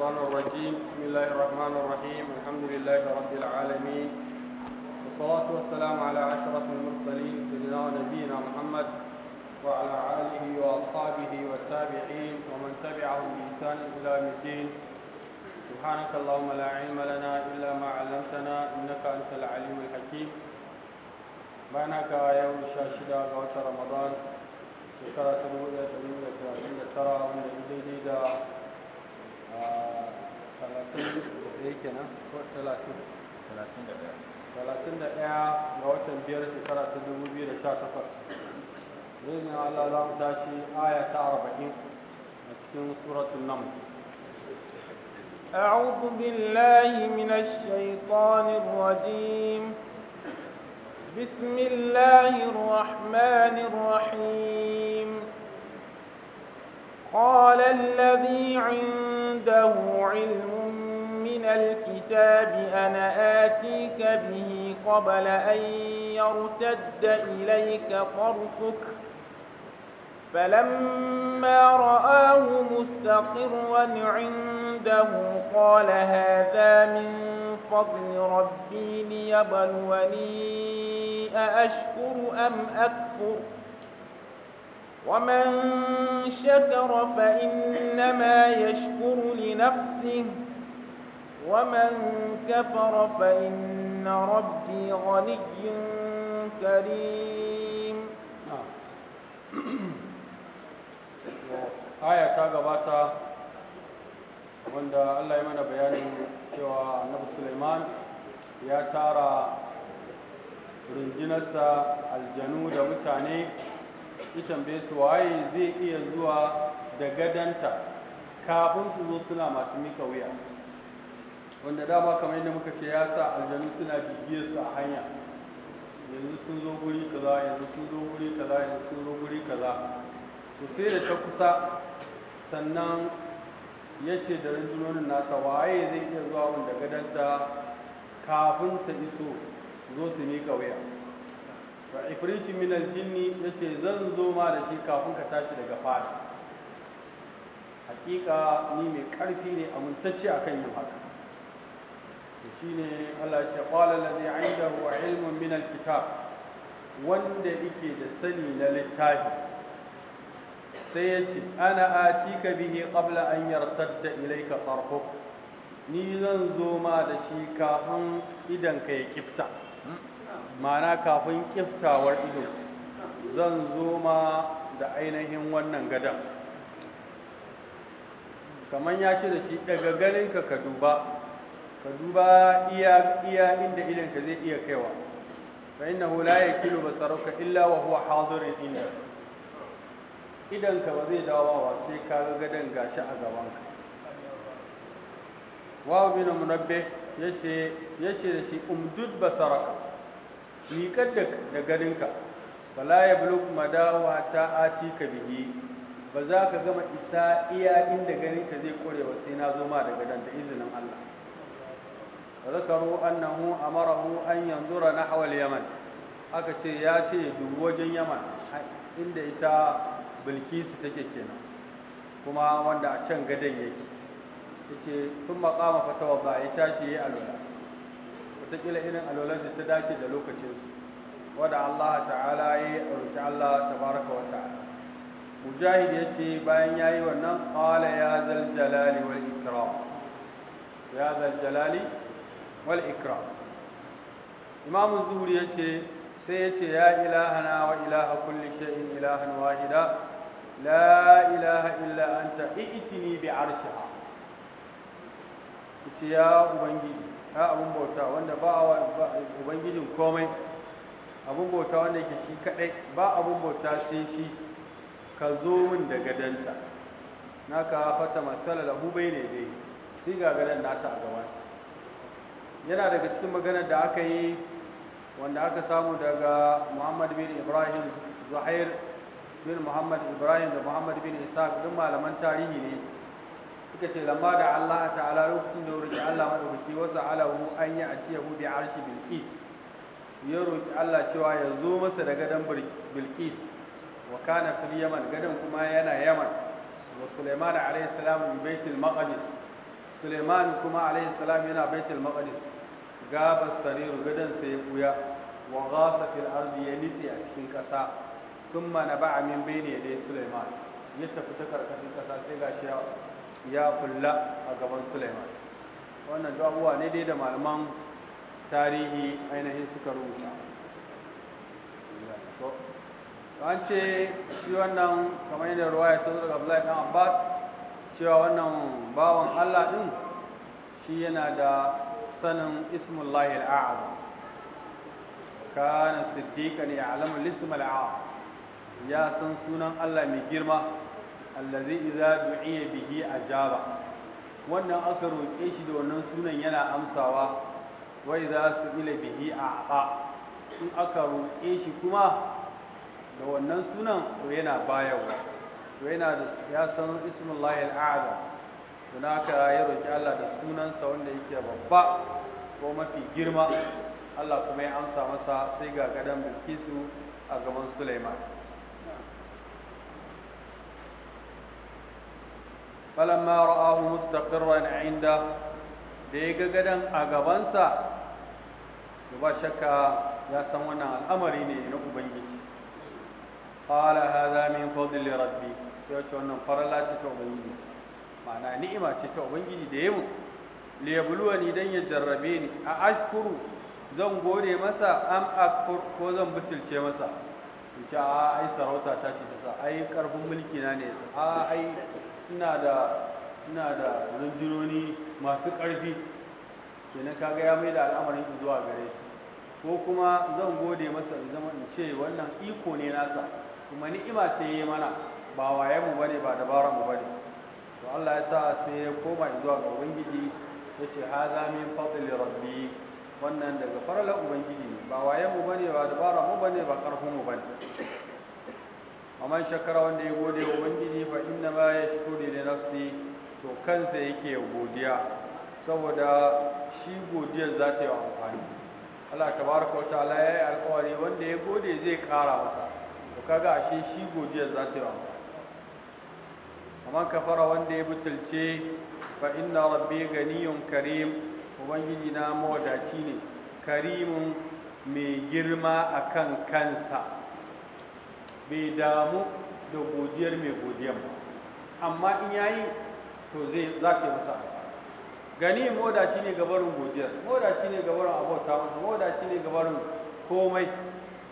الشيطان الرجيم بسم الله الرحمن الرحيم الحمد لله رب العالمين والصلاة والسلام على عشرة المرسلين سيدنا نبينا محمد وعلى آله وأصحابه والتابعين ومن تبعهم بإحسان إلى يوم الدين سبحانك اللهم لا علم لنا إلا ما علمتنا إنك أنت العليم الحكيم بانك يوم شاشدة رمضان shekara ta 1939 wanda daidai da talatin ga watan biyar shekara ta dubu biyu allah za mu tashi aya ta arba'in a cikin suratun nam أعوذ بالله من الشيطان الرجيم بسم الله الرحمن الرحيم قال الذي عنده علم من الكتاب أنا آتيك به قبل أن يرتد إليك طرفك فلما رآه مستقرا عنده قال هذا من فضل ربي ليبلوني أأشكر أم أكفر ۖ ومن شكر فإنما يشكر لنفسه ومن كفر فإن ربي غني كريم aya ta gabata wanda Allah ya mana bayanin cewa annabi Suleiman ya tara rundunarsa aljanu da mutane ya tambaye su waye zai iya zuwa da gadanta kafin su zo suna masu mika wuya wanda dama kamar yadda muka ce ya sa aljanu suna bibiyar su a hanya yanzu sun zo guri kaza yanzu sun zo guri kaza yanzu sun zo guri kaza to sai da ta kusa sannan ya ce da rundunonin nasa waye zai iya zuwa wanda gadanta kafin ta iso su zo su mika wuya wa minar jini ya yace zan zo ma da shi kafin ka tashi daga fada hakika ni mai karfi ne amintacce akan yin haka shine Allah ce qala alladhi wa ilmun min kitab wanda yake da sani na littafi sai ya ce ana atika bihi qabla an da ilaika tarfuk ni zan zo ma da shi kafin idanka ka ya kifta ma'ana kafin kiftawar ido zan zo ma da ainihin wannan gadon kamar ya ce da shi daga ganinka ka duba ka duba iya iya inda idanka zai iya kaiwa fa hula la yakilu basaraka illa wa huwa hadirun inda idanka ba zai ba sai ka ga gadon gashi a gabanka Wa bin munabbe yace yace da shi umdud basaraka miƙar da ganinka la ya kuma madawa ta ati ka bihi ba za ka gama isa iya inda ganinka zai wa sai na zo ma da gadon da izinin Allah zakaru annahu amarahu an yanzura na al-yaman aka ce ya ce dubu wajen yaman inda ita bilkisu take kenan kuma wanda a can gadon yake ce sun fatawa ba ya tashi yi alwala watakila irin alwalar da ta dace da lokacinsu wadda Allah ta'ala ya yi roƙi Allah tabaraka wa ta'ala mujahid ya ce bayan ya yi wannan ƙala ya zal jalali wal ikram ya zal jalali wal ikram imamu zuhuri ya ce sai ya ce ya ilahana wa ilaha kulli shay'in ilahan wahida la ilaha illa anta i'tini bi arshiha ya ubangiji ya abin bauta wanda ba wa ubangijin komai abin bauta wanda yake shi kadai ba abin bauta sai shi ka zo min da gadanta ka fata matsala da hubai ne dai sai ga gadan nata a gabansa yana daga cikin maganar da aka yi wanda aka samu daga muhammad bin ibrahim zuhair bin muhammad ibrahim da muhammad bin isa malaman tarihi ne suka ce lamma da Allah ta'ala lokacin da wurin Allah madaukaki wasa alahu an yi cewa bi arshi bilqis ya roki Allah cewa ya zo masa da gadan bilqis wa kana fil yaman gadan kuma yana yaman wa sulaiman alayhi salam bi baitul maqdis sulaiman kuma alayhi salam yana baitul maqdis gaba sariru gadan sai ya buya wa ghasa fil ardi ya nitse a cikin kasa na ba'a min bayni da sulaiman ya tafi ta karkashin kasa sai gashi ya ya kulla a gaban suleiman wannan abubuwa ne dai da malaman tarihi ainihin suka rubuta an ce shi wannan kamar yadda ruwa ya tazo daga abdullahi dan abbas cewa wannan bawan allah din shi yana da sanin ismullahi al'azam kana siddiqan ya'lamu al-ism ya san sunan allah mai girma allazi idza du'iya bihi ajaba wannan aka roƙe shi da wannan sunan yana amsawa wa idza su'ila bihi a'ta in aka roƙe shi kuma da wannan sunan to yana bayarwa to yana da ya san ismullahi al'azam don haka ya roƙi Allah da sunansa wanda yake babba ko mafi girma Allah kuma ya amsa masa sai ga gadon Bilkisu a gaban Sulaiman falamma ra'ahu mustaqirran inda da ya ga gadon a gabansa to ba shakka ya san wannan al'amari ne na ubangiji qala hadha min fadli rabbi sai wace wannan farala ce ta ubangiji sa ma'ana ni'ima ce ta ubangiji da yamu li yabluwani dan ya jarrabe ni a ashkuru zan gode masa am akfur ko zan butulce masa in ce a ai sarauta ta ce ta sa ai karfin mulki na ne ya a ai ina da ina da rundunoni masu ƙarfi kenan kaga ya mai da al'amarin zuwa gare su ko kuma zan gode masa in zama in ce wannan iko ne nasa kuma ni'ima ce yi mana ba waye mu bane ba dabara mu bane to Allah ya sa sai ya koma zuwa ga ubangiji ya ce hadha min fadli rabbi wannan daga farla ubangiji ne ba waye mu bane ba dabara mu bane ba karfin mu bane amma shakara wanda ya gode wa ubangiji fa inna ma ya shukuri da nafsi to kansa yake godiya saboda shi godiyar za ta yi amfani Allah tabaraka wa ta'ala ya yi alkawari wanda ya gode zai kara masa to kaga ashe shi godiyar za ta yi amfani man kafara wanda ya butulce fa inna rabbi ganiyun karim ubangiji na mawadaci ne karimun mai girma akan kansa bai damu da godiyar mai godiyan ba amma in yayi to zai za ta yi masa gani modaci ne gabarin godiyar modaci ne gabarin abota masa modaci ne gabarin komai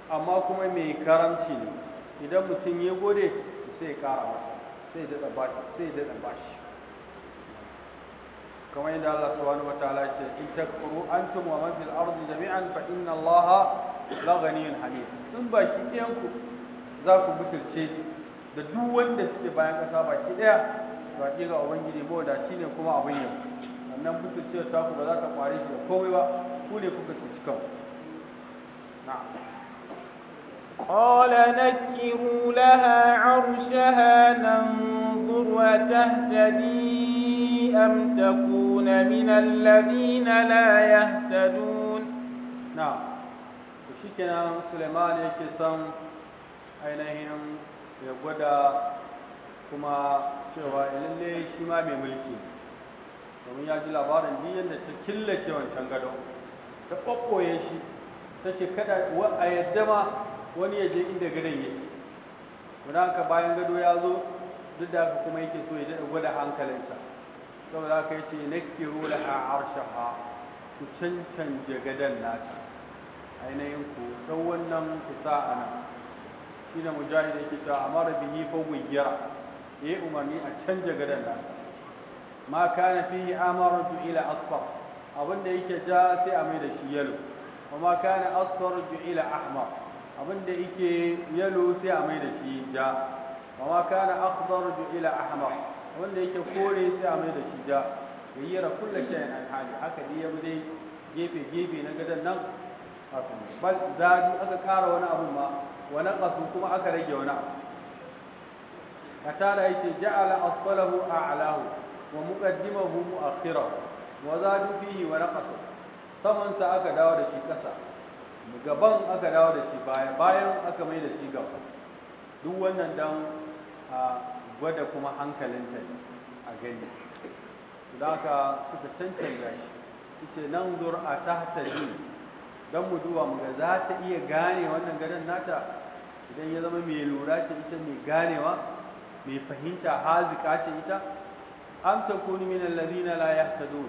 amma kuma mai karamci ne idan mutum ya gode sai kara masa sai daɗa bashi sai daɗa bashi kamar yadda Allah subhanahu wataala ce in takuru antum wa man fil ardi jami'an fa inna Allah la ghaniyyun hamid in baki ɗiyan ku za ku mutulce da duk wanda suke bayan ƙasa baki ɗaya to haƙiƙa ubangiji da ne kuma abin yau wannan mutunce ta ku ba za ta kware shi da komai ba ku ne kuka cuci kan na'am قال نكروا لها عرشها ننظر أتهتدي أم تكون من الذين لا يهتدون نعم وشكنا سليمان يكسم ainihin ya gwada kuma cewa eh, lalle shi ma mai mulki ne domin ya ji labarin biyan da ta killace wancan gado ta ɓaɓɓoye shi ta ce kada a yadda ma wani ya je inda gadon yake guda ka bayan gado ya zo duk da haka kuma yake so ya daɗa gwada hankalinta saboda haka ya ce na kiro laha arshaha ku cancanta gadon nata ainihin ku ɗau wannan kusa a nan shi da mujahid yake cewa amara bihi fa guyyara yayi umarni a canja gadan nata ma kana fihi amaratu ila asfar abinda yake ja sai a mai da shi yalo kuma kana asfar ju'ila ahmar abinda yake yalo sai a mai da shi ja kuma kana akhdar ila ahmar abinda yake kore sai a mai da shi ja yayyara kullu shay'in alhali haka dai yabi dai gefe gefe na gadon nan bal zadu aka kara wani abu ma wa ƙasu kuma aka rage wani abu katada yace ja'ala asfalahu a'lahu wa muqaddimahu mu'akhirahu wa zadu fihi wa naqasu saman sa aka dawo da shi kasa gaban aka dawo da shi baya bayan aka mai da shi gaba duk wannan dan a gwada kuma hankalinta ne a gani da suka cancanta shi ita nan zur a tahtaji don mu duwa mu ga za ta iya gane wannan ganin nata idan ya zama mai lura ce ita mai ganewa mai fahimta hazika ce ita am kuni min alladhina la yahtadun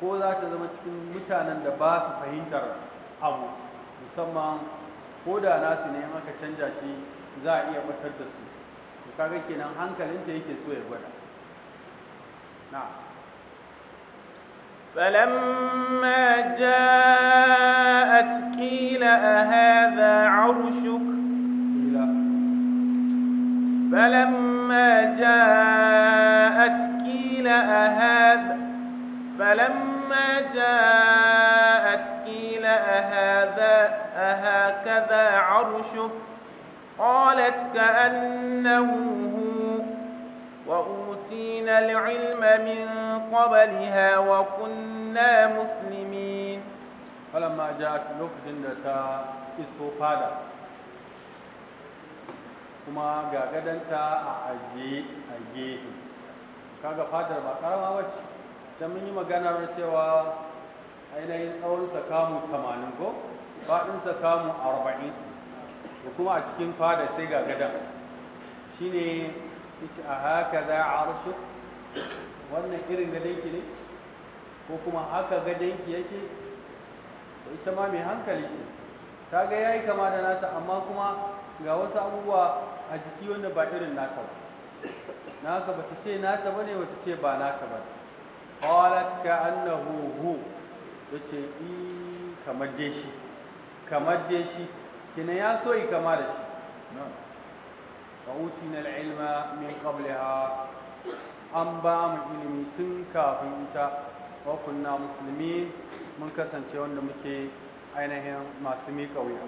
ko za ta zama cikin mutanen da ba su fahimtar abu musamman ko da nasu ne in aka canja shi za a iya batar da su to kaga kenan hankalinta yake so ya gwada na'am فلما جاءت قيل أهذا عرشك فلما جاءت قيل أهذا فلما جاءت قيل أهذا أهكذا عرشك قالت كأنه هو وأوتينا العلم من قبلها وكنا مسلمين فلما جاءت لوك زندتا إسو kuma ga gadanta a aje a gefe kaga fadar ba karama wacce can mun yi maganar cewa ainihin tsawon sakamu 80 ko faɗinsa sakamu 40 da kuma a cikin fada sai ga gadan ne ita a haka za a arshe wannan irin gadanki ne ko kuma haka gadanki yake ita ma mai hankali ce ta ga ya yi kama da nata amma kuma ga wasu abubuwa a jiki wanda ba irin nata ba na haka bata ce nata ba ne ta ce ba nata ba qalat ka annahu hu ce, yi kamar dai shi kamar dai shi kina ya so yi kama da shi fa utina na ilma min ha an ba mu ilimi tun kafin ita wakun na musulmi mun kasance wanda muke ainihin masu mai wuya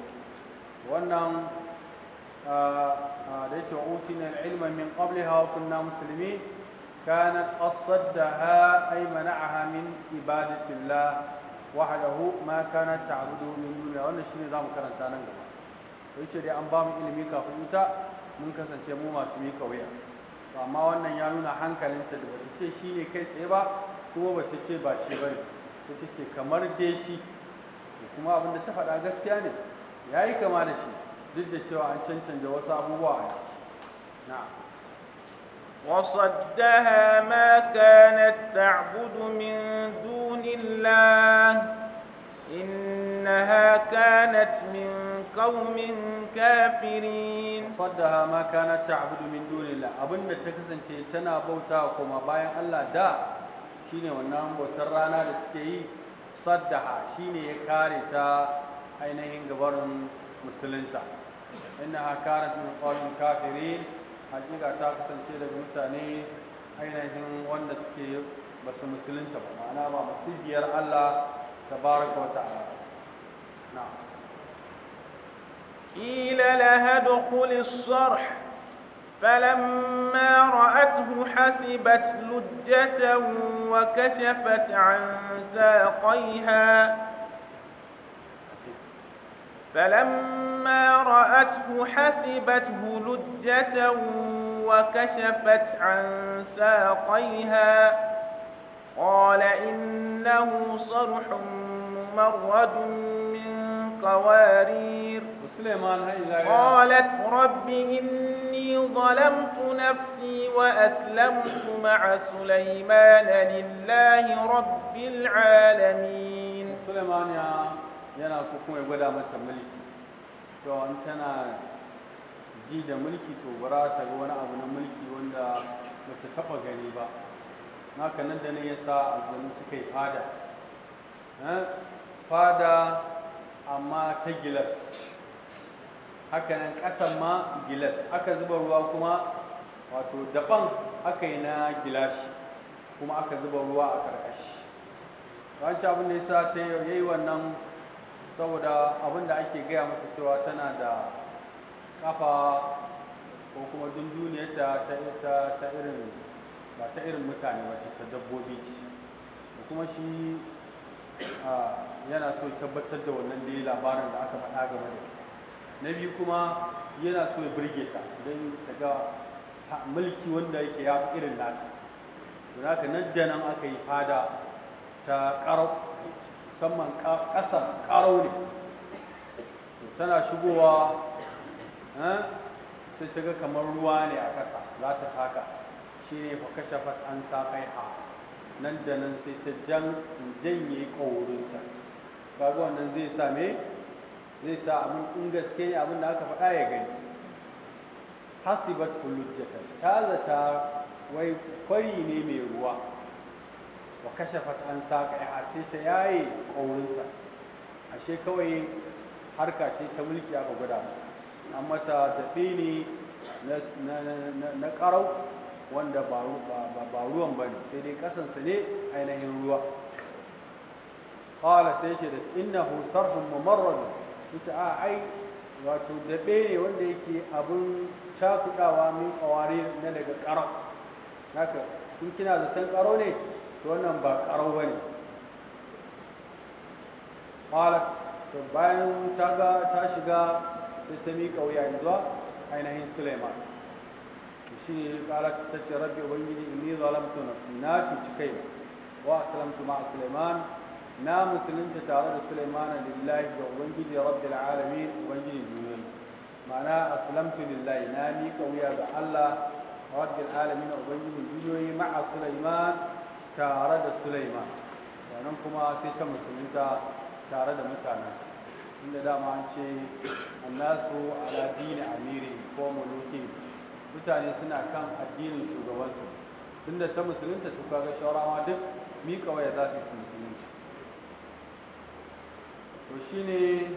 wannan da yake utina ilma min qabliha hawa kunna muslimin kanat asaddaha ay a min ibadatilla wa wahdahu ma kanat ta'budu min duni wannan shine zamu karanta nan gaba yace dai an ba mu ilimi kafin ita mun kasance mu masu kauya wuya amma wannan ya nuna hankalinta da bata ce shi ne kai tsaye ba kuma bata ce ba shi bane ta ce kamar dai shi kuma abinda ta faɗa gaskiya ne ya yi kama da shi duk da cewa an cancanta wasu abubuwa a na wasadda ha ma ka na ta'abudu min dunin la'an na min kawumin kafirin wasadda ha ma ka na ta'abudu min dunin abinda ta kasance tana bauta kuma bayan Allah da shi ne wannan bautar rana da suke yi wasadda ha shi ne ya kare ta ainihin gabar musulunta إنها كانت من قوم كافرين حقيقة تاقصن تيلة بمتاني أين هم واندسكي بس مسلين تبا معنا با مسيبير الله تبارك وتعالى نعم قيل لها دخل الصرح فلما رأته حسبت لجة وكشفت عن ساقيها فلما فلما رأته حسبته لجة وكشفت عن ساقيها قال إنه صرح ممرد من قوارير قالت رب إني ظلمت نفسي وأسلمت مع سليمان لله رب العالمين سليمان يا يا ناس kuma ya gwada to an tana ji da mulki to bara ta ga wani abu na mulki wanda bata ta taba gani ba Na kanan da nan ya sa aljanu suka yi fada eh, fada amma ta gilas Hakanan nan ƙasan ma gilas aka zuba ruwa kuma wato daban aka yi na gilashi kuma aka zuba ruwa a ƙarƙashi wancan abin da ya sa ta yi wannan saboda abin da ake gaya masa cewa tana da kafa ko kuma dunduniyarta ta ta irin ba ta irin mutane ba ta dabbobi ce kuma shi yana so ya tabbatar da wannan da labarin da aka faɗa game da ita na biyu kuma yana so ya birge ta don ta ga mulki wanda yake ya fi irin nata don haka nan da nan aka yi fada ta karo musamman ƙasar ƙaro ne tana shigowa eh, sai ta ga kamar ruwa ne a ƙasa za ta taka shi ne fa kashe fat an sa kai ha nan da nan sai ta jan janye ƙaurinta kaga nan zai sa zai sa abin in gaske ne abin da aka faɗa ya gani hasibat jata ta zata wai kwari ne mai ruwa wa kashe fatan saka ya sai ta yaye ƙaurinta ashe kawai harka ce ta mulki aka guda mata an mata daɗe ne na ƙarau wanda ba ruwan ba sai dai ƙasansa ne ainihin ruwa ƙwala sai ce da innahu sarhun mamarradu ita a ai wato daɓe ne wanda yake abin cakudawa min kawari na daga ƙarau naka in kina zaton ƙarau ne to wannan ba ƙarau ba ne halat to bayan ta ga ta shiga sai ta miƙa wuya zuwa ainihin suleiman shi ne ƙalar ta ce rabbi ubangiji inni zalamtu nafsi na cuci kai wa aslamtu ma suleiman na musulunta tare da suleiman lillahi ga ubangiji rabbil alamin ubangiji duniya ma'ana aslamtu lillahi na miƙa wuya ga allah rabbil alamin ubangiji duniyoyi ma'a suleiman tare da Sulaiman sannan kuma sai ta musulunta tare da mutanenta inda dama an ce annasu ala dini amiri ko muluki mutane suna kan addinin shugabansu tunda ta musulunta to kaga shawara duk mika waya za su su musulunta to shine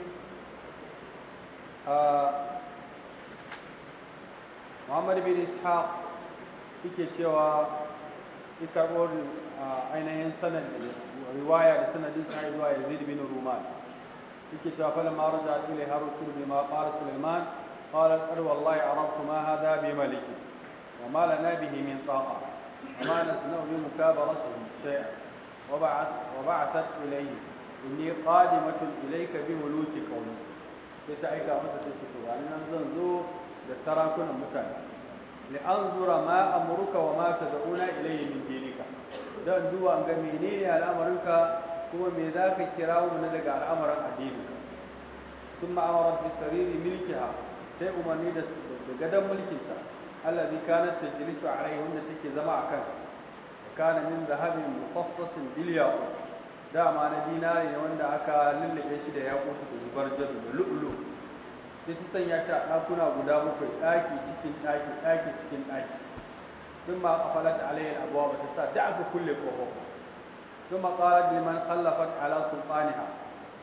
a Muhammad bin Ishaq yake cewa ikarbori ainihin sanad riwaya da sanadin sa zuwa Yazid bin Ruman yake cewa fa ma raja ila haru harusul ma qala Sulaiman qala ar wallahi arabtu ma hada bi maliki wa ma lana bihi min taqa wa ma nasna'u bi mukabaratihi shay'a wa ba'ath wa ba'athat ilayhi inni qadimatun ilayka bi muluki qawmi sai ta aika masa ta ce to nan zan zo da sarakunan mutane li anzura ma amruka wa ma tad'una ilayhi don duba ga menene al'amarinka kuma me za ka kira wani daga al'amarin addini sun ma'amara fi sariri milkiha ta umarni da gadon mulkinta allah zai kanar ta jilisu a rai wanda take zama a kansa kana min zahabin mufassasin biliyaku dama na dinari ne wanda aka lullube shi da yakutu da zubar jadu da lu'ulu sai ta sanya shi a guda bakwai ɗaki cikin ɗaki ɗaki cikin ɗaki ثم قفلت عليه الابواب تسع دعك كل قوه ثم قالت لمن خلفت على سلطانها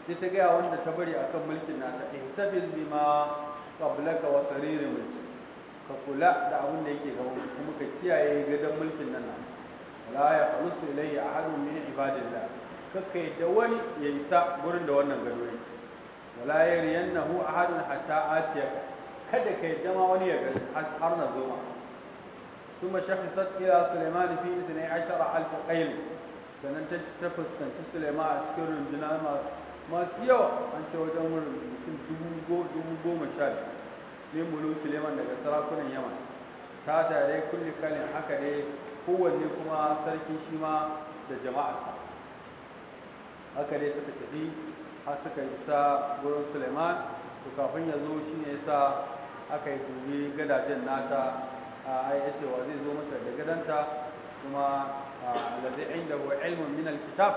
sai ta gaya wanda ta bari akan kan mulkin nata in ta fi bima ƙablaka wa sariri ka kula da abin da yake gaban kuma ka kiyaye gadon mulkin nan na ya faru su ilayya a hannun min ibadillah kakka yadda wani ya isa gurin da wannan gado yake wa ya riyan na hu a hannun hatta atiya kada ka yadda ma wani ya gaji har na zoma ثم شخصت إلى سليمان في 12 ألف قيل sannan ta fuskanci sulema a cikin rundunar masu yawa an ce wajen wurin mutum dubu goma sha biyu ne muluki leman daga sarakunan yama ta tare kulle kalin haka ne kowanne kuma sarki shi ma da jama'arsa haka ne suka tafi har suka isa wurin suleiman to kafin ya zo shi ne yasa aka yi dubi gadajen nata ya ce wa zai zo masa da gadanta kuma da wa ilmin minal kitab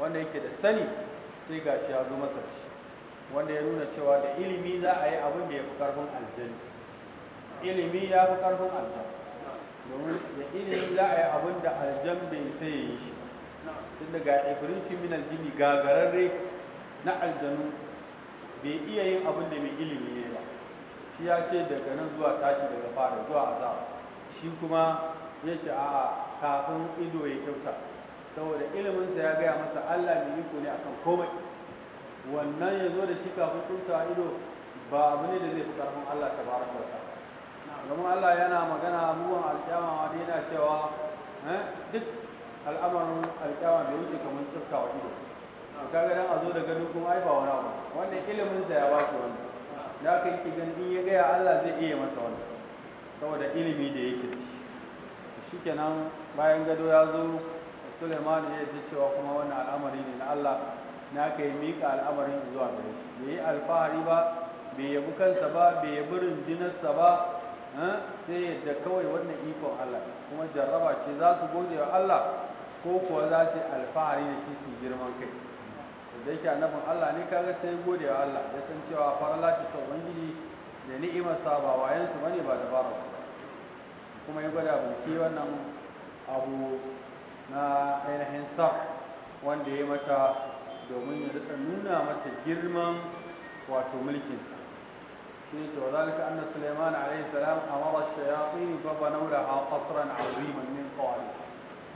wanda yake da sani sai ga shi ya zo masa da shi wanda ya nuna cewa da ilimi za a yi abin da ya fi karfin aljani ilimi ya fi karfin aljani domin da ilimi za a yi abin da aljan bai sai yi shi tun daga ifritin min aljini gagararre na aljanu bai iya yin abin da mai ilimi ya shi ya ce daga nan zuwa tashi daga fara zuwa azab shi kuma ya ce a kafin ido ya kyauta saboda iliminsa ya gaya masa allah mai iko ne akan komai wannan ya zo da shi kafin kyauta ido ba abu ne da zai fi karfin allah ta baraka ta. domin allah yana magana abubuwan alƙyama ma da yana cewa eh, duk al'amarin alƙyama bai wuce kamar wa ido kaga dan a zo da gado kuma ai ba wani abu wannan iliminsa ya ba shi wannan da aka ki gani in ya gaya Allah zai iya masa wani saboda ilimi da yake da shi shi kenan bayan gado ya zo suleiman ya yi cewa kuma wannan al'amari ne na Allah na ka yi miƙa al'amarin zuwa gare shi bai yi alfahari ba bai yabi kansa ba bai yabi rundunarsa ba eh, sai yadda kawai wannan ikon Allah kuma jarraba ce za su gode wa Allah ko kuwa za su yi alfahari da shi su girman kai da yake annabin Allah ne kaga sai gode wa Allah ya san cewa farala ce ta ubangiji da ni'imar sa ba wayan su bane ba dabarar su kuma ya gwada buke wannan abu na ainihin sa wanda ya mata domin ya rika nuna mata girman wato mulkinsa shi ne cewa zalika anna sulaiman Alayhi salam amara shayatin fa banaw laha qasran aziman min qawali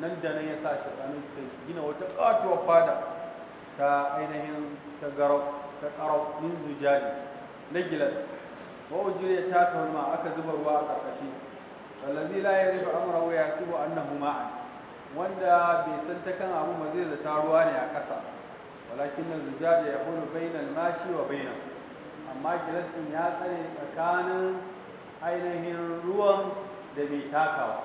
nan da nan ya sa shi shayatin suka gina wata katuwar fada ta ainihin ta garau ta min zujari na gilas o ujire ta tauna aka zuba ruwa a karkashi wallazi la yarifu amrahu yasibu annahu ma'an wanda bai san ta kan abu ba zai zata ruwa ne a ƙasa walakin na zujaji ya hulu bainal mashi wa bainan amma gilas ɗin ya tsare tsakanin ainihin ruwan da bai takawa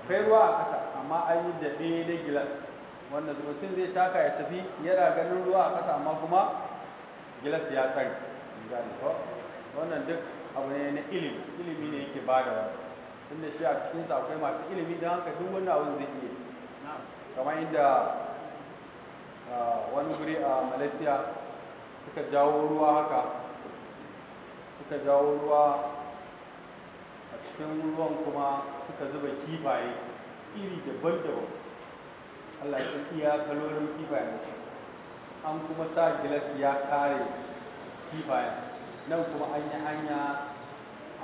akwai ruwa a ƙasa amma an yi daɓe na gilas wanda mutum zai taka ya tafi yana ganin ruwa a ƙasa amma kuma gilas ya tsare in gane ko wannan duk abu ne na ilimi ilimi ne yake ba da wani tunda shi a cikinsa akwai masu ilimi don haka duk wani abin zai iya kamar inda wani guri a malaysia suka jawo ruwa haka suka jawo ruwa a cikin ruwan kuma suka zuba kifaye iri daban-daban Allah ya iya kalorin kifayen sassa an kuma sa gilas ya kare kifayen nan kuma an yi hanya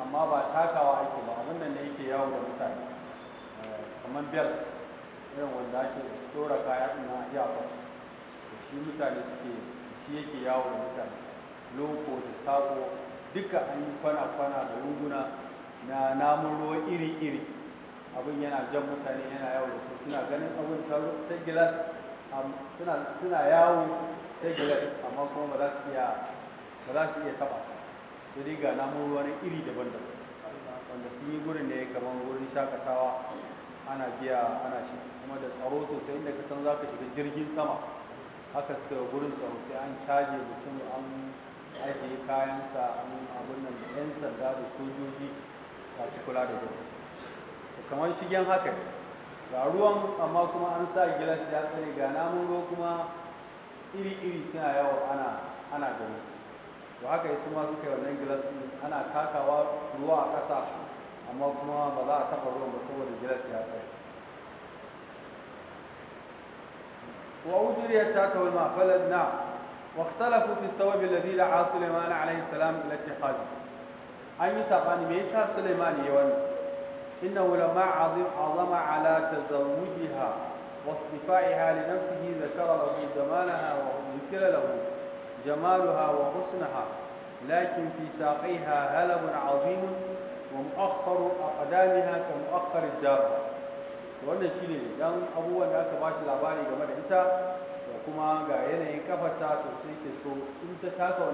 amma ba takawa ake ba abin ne da yake yawo da mutane eh, kamar belt irin wanda ake dora kaya na da shi mutane suke shi yake yawo da mutane loko da sako duka an yi kwana-kwana da runguna na namun ruwa iri-iri abin yana jan mutane yana yawo da su suna ganin abin ta gilas suna yawo ta gilas amma kuma ba za su iya ba za su iya taba su sai namun wani iri daban-daban wanda sun yi gurin ne kamar wurin shakatawa ana biya ana shi kuma da tsaro sosai inda ka san za ka shiga jirgin sama haka suka gurin tsaro sai an caje mutum an ajiye kayansa an abin nan da 'yan sanda da sojoji masu kula da gurin kamar shigen haka ga ruwan amma kuma an sa gilas ya tsare ga namun ruwa kuma iri-iri suna yawo ana ana ganin su haka yasu ma suka yi wannan gilas din ana takawa ruwa a ƙasa amma kuma ba za a taɓa ruwan ba saboda gilas ya tsare wa ujuriyat ta tawal ma na. واختلفوا في السبب الذي دعا سليمان عليه السلام الى اتخاذه an yi sabani me yasa suleiman yawani? إنه لما عظم, عظم على تزوجها واصطفائها لنفسه ذكر له جمالها وذكر له جمالها وحسنها لكن في ساقيها هلم عظيم ومؤخر أقدامها كمؤخر الدابة wannan shi ne don abubuwan da aka bashi labari game da ita da kuma ga yanayin kafarta to sai ke in ta taka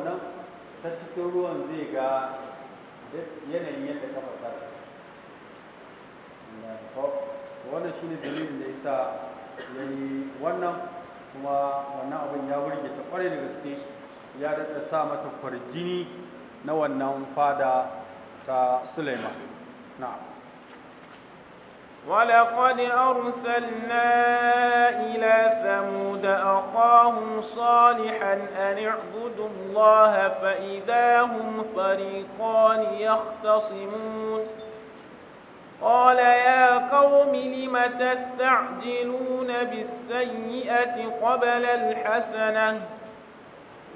ta cikin ruwan zai ga yanayin yadda kafarta wannan shine dalilin da yasa ya yi wannan kuma wannan abin ya burge ta kwarai da gaske ya daɗa sa mata kwarjini na wannan fada ta Suleiman na'am ولقد أرسلنا إلى ثمود أخاهم صالحا أن اعبدوا الله فإذا هم فريقان يختصمون قال يا قوم لم تستعجلون بالسيئة قبل الحسنة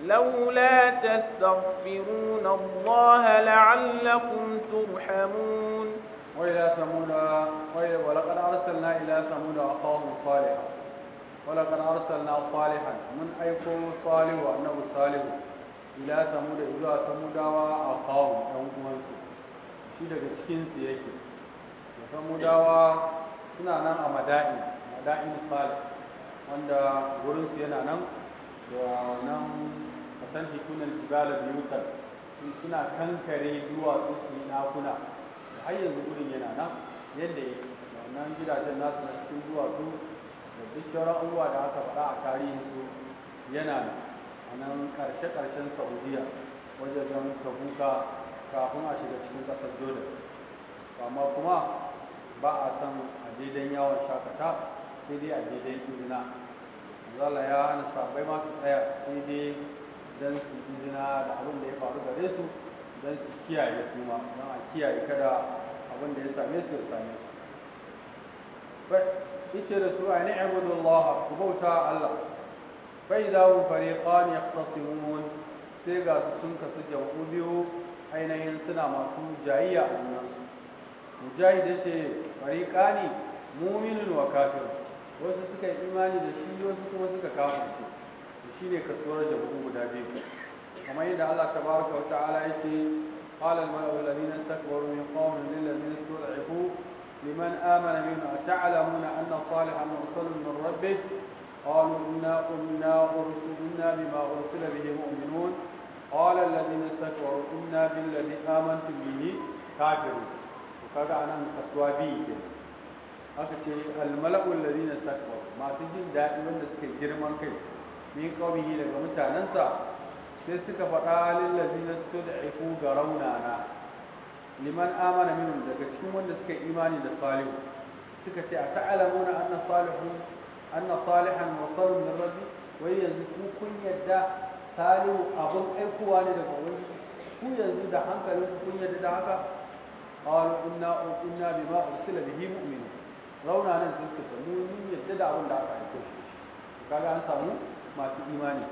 لولا تستغفرون الله لعلكم ترحمون وإلى ثمود ولقد أرسلنا إلى ثمود أخاهم صالحا ولقد أرسلنا صالحا من أيكم صالح وأنه صالح إلى ثمود إلى ثمود وأخاهم أنكم أنسوا شيء لك تكين samudawa suna nan a mada'in mada'in salih wanda wurinsu yana nan da nan fatan hitunan jibala newton suna kankare duwatsu su yi nakuna da har yanzu gurin yana nan yadda wannan gidajen nasu na cikin duwatsu da duk uwa da aka faɗa a tarihinsu yana nan a nan ƙarshe-ƙarshen saudiya wajen tabuka kafin a shiga cikin ƙasar jordan amma kuma ba a san aje don yawon shakata sai dai aje don izina zala ya hana sabai masu tsaya sai dai don su izina da abin da ya faru gare su don su kiyaye su ma don a kiyaye kada abin da ya same su ya same su ice da su a ni abudullah ku bauta Allah bai dawun fariqan yaqtasimun sai ga su sun kasu jam'u biyu ainihin suna masu jayayya a junansu mujahid ce fariqani mu'minun wa kafir wasu suka yi imani da shi wasu kuma suka kafirce to shine kasuwar jabu guda biyu kamar yadda Allah tabaraka wa ta'ala yace قال الملأ الذين استكبروا من قوم للذين استضعفوا لمن آمن منهم أتعلمون أن صالحا مرسل من ربه قالوا إنا كنا أرسلنا بما أرسل به مؤمنون قال الذين استكبروا إنا بالذي آمنتم به كافرون kaga anan aswabi ke aka ce almala'ul ladina istakbar masu jin daɗi wanda suka girman kai min qawmihi daga mutanensa sai suka faɗa lil ladina stud'iku ga raunana liman amana minhum daga cikin wanda suka imani da salihu suka ce a ta'alamuna anna salihu anna salihan wasalu min rabbi wai yanzu ku kun yadda salihu abun aikowa ne daga wani ku yanzu da hankalin kun yadda da haka qalu inna inna bima ursila bihi mu'minun rauna nan sai suka ce mu mun yadda da abin da aka aiko shi kaga an samu masu imani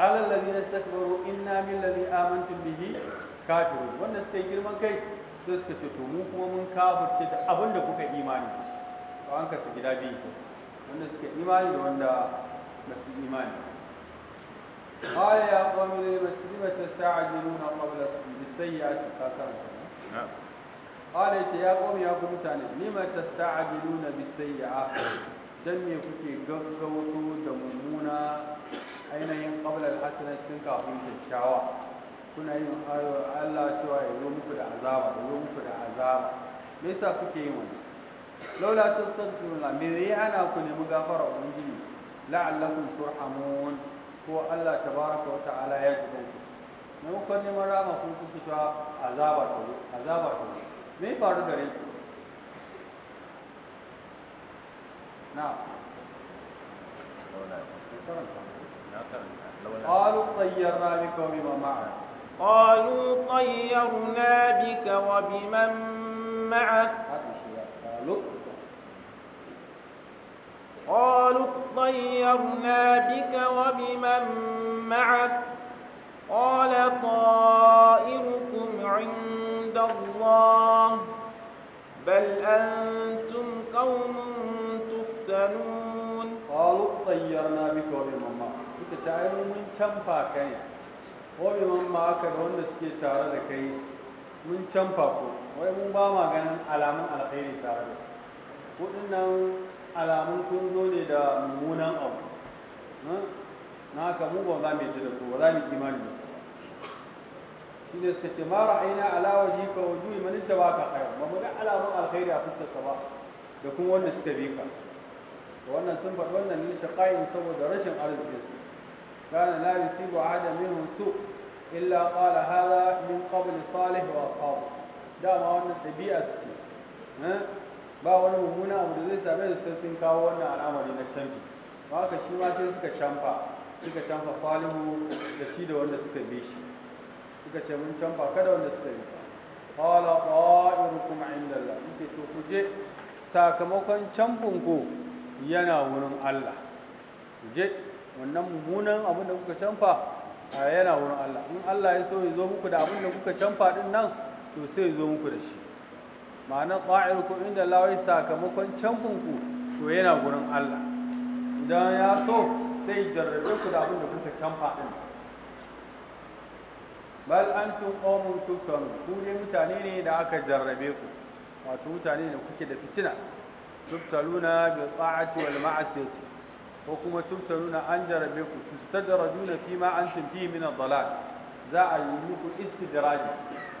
alal ladina istakbaru inna min ladhi amantum bihi kafirun wanda suka yi girman kai sai suka ce to mu kuma mun kafirce da abin da kuka imani da shi to an kasu gida biyu wanda suka imani da wanda ba su imani قال يا قوم لم تستعجلون قبل السيئة كاكرتم qala ce ya qawmi ya ku mutane bisai ya bisayyi'a Don me kuke gaggauto da mummuna ainihin qabla alhasanatin kafin kyakkyawa kuna yin ayo Allah cewa ya yi muku da azaba ya yi muku da azaba me yasa kuke yi wani laula tastaghfiruna me zai ana ku nemi gafara ubangiji la'allakun turhamun ko Allah ta wa wata ya tuba ku maimakon neman rama kun kuka cewa azaba ta zo قالوا طيرنا بك وبمن معك قالوا طيرنا بك وبمن معك قالوا طيرنا بك وبمن معك قال طائركم عند الله بل أنتم قوم تفتنون قالوا طيرنا بك وبمن معك suka ce ai mun canfa ka ne ko bi man ma da suke tare da kai mun canfa ku wai mun ba ma ganin alamun alkhairi tare da ku nan alamun kun zo ne da mummunan abu na haka mu ba za mu yi da za mu imani da shine suka ce ma aina ala wajhika wa wujuhi man ittaba'aka khayr ba mu ga alamun alkhairi a fuskar ka ba da kuma wanda suka bi ka wannan sun faɗi wannan ne shaqayin saboda rashin arzikin su kana la yusibu ahada minhum su illa qala hadha min qabl salih wa Da ma wannan dabi'a su ce eh, ba wani mummuna abu da zai same su sai sun kawo wannan al'amari na canfi ba haka shi ma sai suka canfa suka canfa salihu da shi da wanda suka bi shi suka ce mun canfa kada wanda suka yi kuma inda Allah yace to ku je sakamakon canfin ku yana wurin Allah je wannan mummunan abin da kuka canfa yana wurin Allah in Allah ya so ya zo muku da abin da kuka canfa din nan to sai ya zo muku da shi ma'ana inda Allah wai sakamakon canfin ku to yana wurin Allah idan ya so sai jarrabe ku da abin da kuka canfa din bal antum qawmun tuftarun ku dai mutane ne da aka jarrabe ku wato mutane ne kuke da fitina tuftaruna bi ta'ati wal ma'asiyati ko kuma tuftaruna an jarrabe ku tustadrajuna fi ma antum fi min ad-dalal za a yi muku istidraji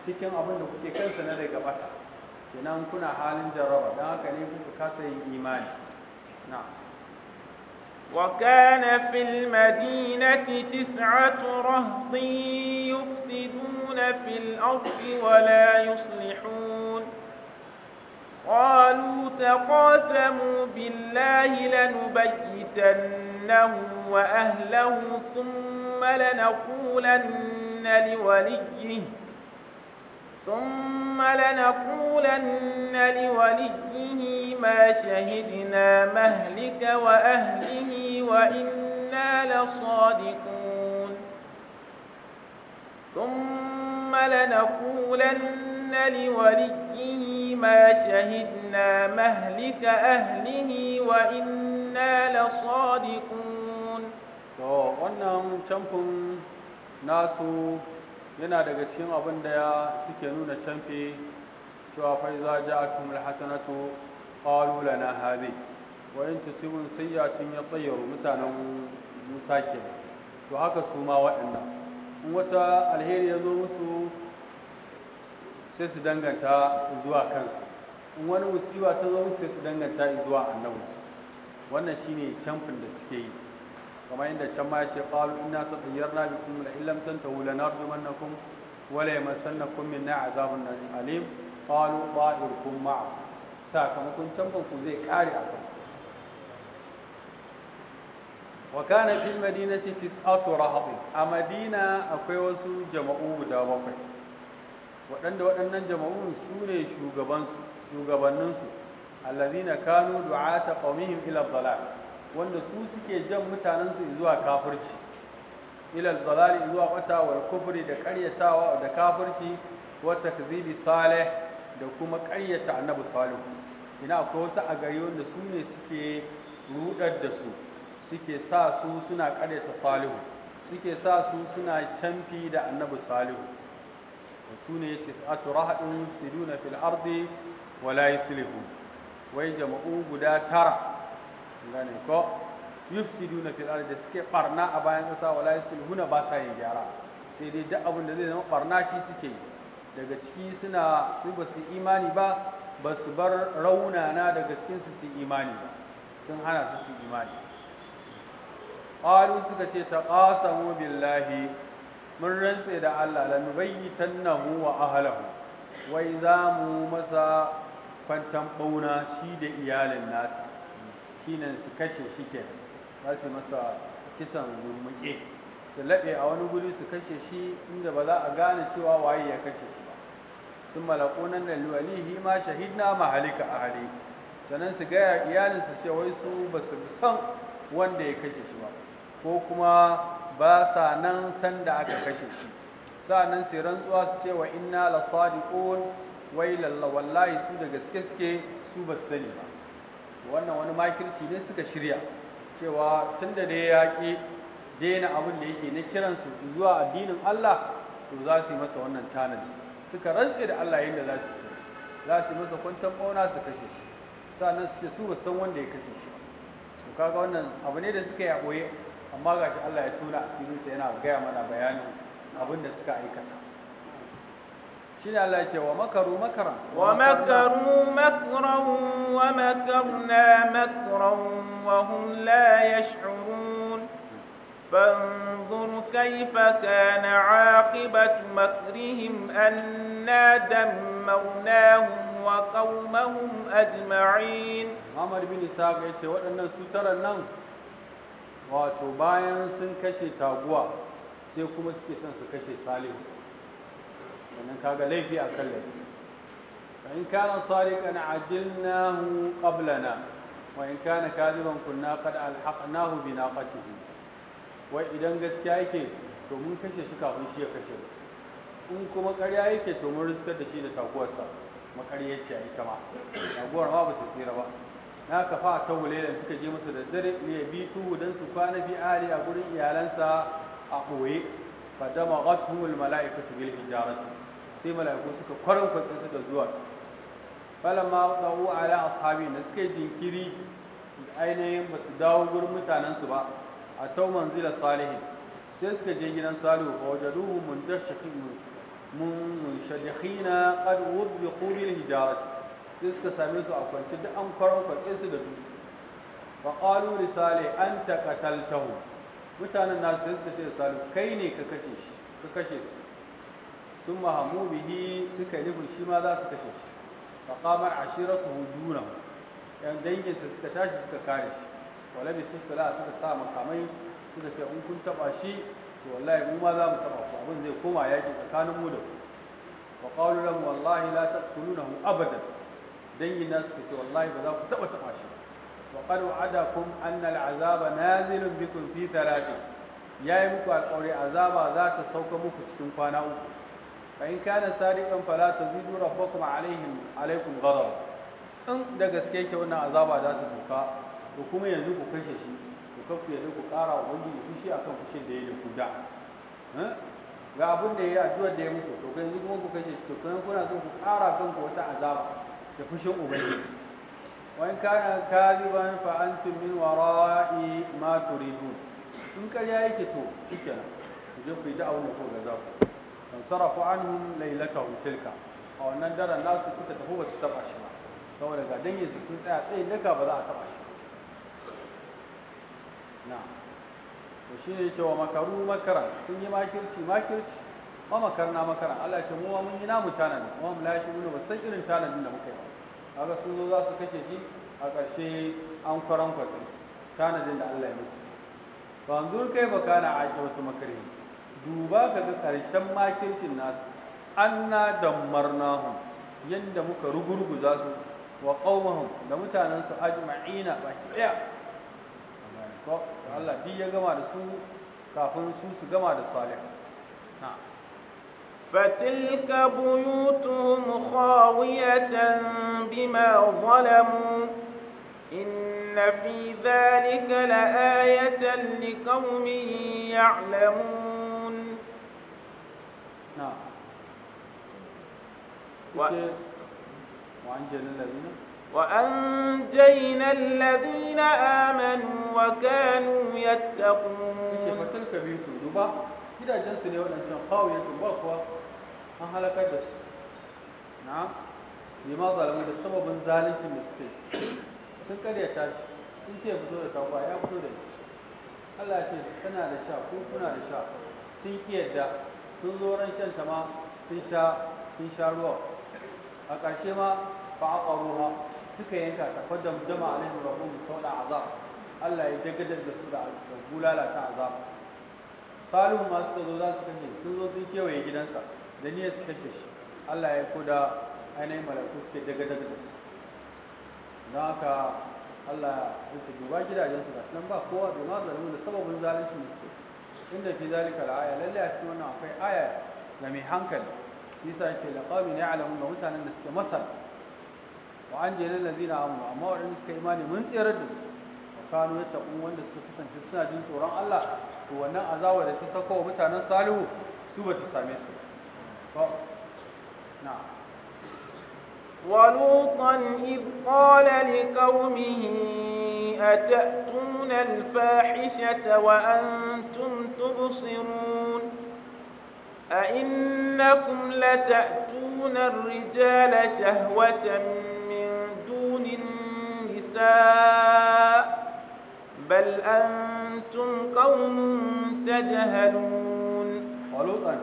cikin abin da kuke kansa na daga bata kenan kuna halin jarraba dan haka ne kuka kasa yin imani Na. وكان في المدينة تسعة رهط يفسدون في الأرض ولا يصلحون قالوا تقاسموا بالله لنبيتنه وأهله ثم لنقولن لوليه ثم لنقولن لوليه ما شهدنا مهلك وأهله وإنا لصادقون ثم لنقولن لوليه ما شهدنا مهلك أهله وإنا لصادقون to wannan camfin nasu yana daga cikin abin da ya suke nuna canfe cewa fa iza ja'atum alhasanatu qalu lana hadhi wa in tusibun sayyatin yatayyaru mutanen Musa ke to haka su ma waɗannan in wata alheri ya zo musu sai su danganta zuwa kansu in wani musiba ta zo musu sai su danganta zuwa annabinsu wannan shine camfin da suke yi kamar inda can ma ya ce qalu inna tatayyarna bikum la illam tantahu lanarjumannakum wa na yamassannakum minna azabun alim qalu ta'irukum ma'a sakamakon can ku zai kare a kan wa kana fil madinati tis'atu rahabi a madina akwai wasu jama'u guda bakwai waɗanda waɗannan jama'u su ne shugabansu shugabanninsu allazina kanu du'ata qaumihim ila dhalal wanda su suke jan mutanensu zuwa kafirci ilal dalali zuwa wata wal da karyatawa da kafirci wa takzibi salih da kuma karyata annabi salihu ina akwai wasu a gari wanda su ne suke rudar da su suke sa su suna karyata salihu suke sa su suna canfi da annabi salihu su ne tis'atu rahadun siduna fil ardi wala yuslihu wai jama'u guda tara gane ko yufsiduna fil ardi suke barna a bayan ƙasa wala yuslihuna ba sa yin gyara sai dai duk abin da zai zama barna shi suke daga ciki suna su ba su imani ba ba su bar raunana daga cikin su su imani ba sun hana su su imani qalu suka ce taqasamu billahi mun rantse da Allah lanubayyitannahu wa ahlihi wai za mu masa kwantan bauna shi da iyalin nasa shine su kashe shi kenan ba su masa kisan gurmuke su laɓe a wani guri su kashe shi inda ba za a gane cewa waye ya kashe shi ba sun malaƙo nan da liwalihi ma shahidna mahalika a ahali sannan su gaya iyalinsu ce wai su ba su san wanda ya kashe shi ba ko kuma ba sa nan sanda aka kashe shi Sa nan su rantsuwa su ce wa inna la sadiqun wai wallahi su da gaske suke su ba sani ba wannan wani makirci ne suka shirya cewa tun da dai ya ƙi daina abin da yake na kiransu zuwa addinin Allah to za su yi masa wannan tanadi suka rantse da Allah yadda za su yi za su yi masa kwantan ɓauna su kashe shi sannan su ce su ba san wanda ya kashe shi to kaga wannan abu ne da suka yi a ɓoye amma gashi Allah ya tona asirinsa yana gaya mana bayanin abin da suka aikata shi ne Allah ya ce wa makaru makara wa makaru makaran wa makarna makaran wa hum la yash'urun فانظر كيف كان عاقبة مكرهم أنا دمرناهم وقومهم أجمعين عمر بن إسحاق يتي وأن سترى النم wato bayan sun kashe taguwa sai kuma suke son su kashe salihu wannan kaga laifi a kan laifi fa in kana sadiqan ajilnahu qablana wa in kana kadiban kunna qad alhaqnahu bi naqatihi wai idan gaskiya yake to mun kashe shi kafin shi ya kashe in kuma ƙarya yake to mun riskar da shi da taguwarsa makaryaci a ita ma taguwar ma bata tsira ba na kafa fa ta hulelan suka je masa da dare ne bi tuhu dan su kwana bi ali a gurin iyalansa a ɓoye fadama ghathumul mala'ikatu bil hijarati sai mala'iku suka kwarankwatsa kwatsi suka zuwa falamma dawo ala ashabi da suka yi jinkiri ainihin ba su dawo gurin mutanensu ba a tau manzila salihin sai suka je gidan salihu fa wajaduhu mundashakhin mun munshadikhina qad wudbiqu bil hijarati sai suka same su a kwance da an kwatsi su da dutse ba ƙalu risale an anta qataltahu mutanen nasu sai suka ce da salihu kai ne ka kashe shi ka kashe su sun mahamu bihi suka nufin shi ma za su kashe shi faƙamar ashiratu hudunan yan danginsa suka tashi suka kare shi walabi su sala suka sa makamai suka ce in kun taɓa shi to wallahi mu ma za mu taɓa ku abin zai koma yaƙi tsakanin mu da ku wa qalu lahum wallahi la taqtulunahu abadan dangin nasu suka ce wallahi ba za ku taɓa taɓa shi wa qad wa'adakum anna al'azaba nazilun bikum fi thalathi yayi muku alƙawari azaba za ta sauka muku cikin kwana uku fa in kana sadiqan fala tazidu rabbakum alaihim alaikum gharar in da gaske yake wannan azaba za ta sauka to kuma yanzu ku kashe shi ku kafu yanzu ku kara wa ya fushi akan fushin da ya da ku da ga abin da ya yi addu'ar da ya muku to kai yanzu kuma ku kashe shi to kai kuna so ku kara kanku wata azaba da fushin ubangiji wa in kana kadiban fa antum min wara'i ma turidun in ƙarya yake to shikenan ku je ku yi da'awun ku ga za ku fansarafu anhum lailatahu tilka a wannan daren nasu suka tafi ba su taba shi ba saboda ga danginsu sun tsaya tsayin daka ba za a taba shi na to shi ne cewa makaru makara sun yi makirci makirci ma na makara Allah ce mu mun yi namu tanadin kuma mu lashi mu ba san irin tanadin da muka yi ba kaga sun zo za su kashe shi a ƙarshe an kwaran kwatsa su tanadin da Allah ya musu ba kai ba kana aiki wata makare duba ka ga karshen makircin nasu anna dammarnahum yadda muka rugurguza su wa qaumahum da mutanensu ajma'ina baki daya to Allah duk ya gama da su kafin su su gama da salih na فتلك بيوتهم خاوية بما ظلموا إن في ذلك لآية لقوم يعلمون وأنجينا الذين آمنوا وكانوا يتقون فتلك بيوت دبا إذا جنس نيوان أنت خاوية باقوة an halakar da su na nema zalimai da sababin zalincin da suke sun karyata sun ce fito da takwa ya fito da ita allah ce tana da sha ko kuna da sha sun ki yadda sun zo ran shan ta ma sun sha ruwa a ƙarshe ma ba a ƙwaruwa suka yanka ta fadda dama alaihim rabbum sauda azab Allah ya dagadar da su da bulalata azab salihu ma suka zo za su kashe sun zo sun kewaye gidansa da niyyar su kashe shi Allah ya koda ainihin malaku suke dagadar da su don haka Allah ya ce duba gidajensu ga nan ba kowa bai ma zalimu da sababin zalunci ne suke inda fi zalika la'aya lallai a cikin wannan akwai aya ga mai hankali shi yasa yace laqamin ya'lamu mutanen da suke masar wa anjalil ladina amanu amma waɗanda suka imani mun tsirar da su kanu yattaqun wanda suka kasance suna jin tsoron Allah to wannan azawa da ta sako wa mutanen salihu su ba ta same su na'am ولوطا إذ قال لقومه أتأتون الفاحشة وأنتم تبصرون أئنكم لتأتون الرجال شهوة من دون النساء بل أنتم قوم تجهلون ولوطا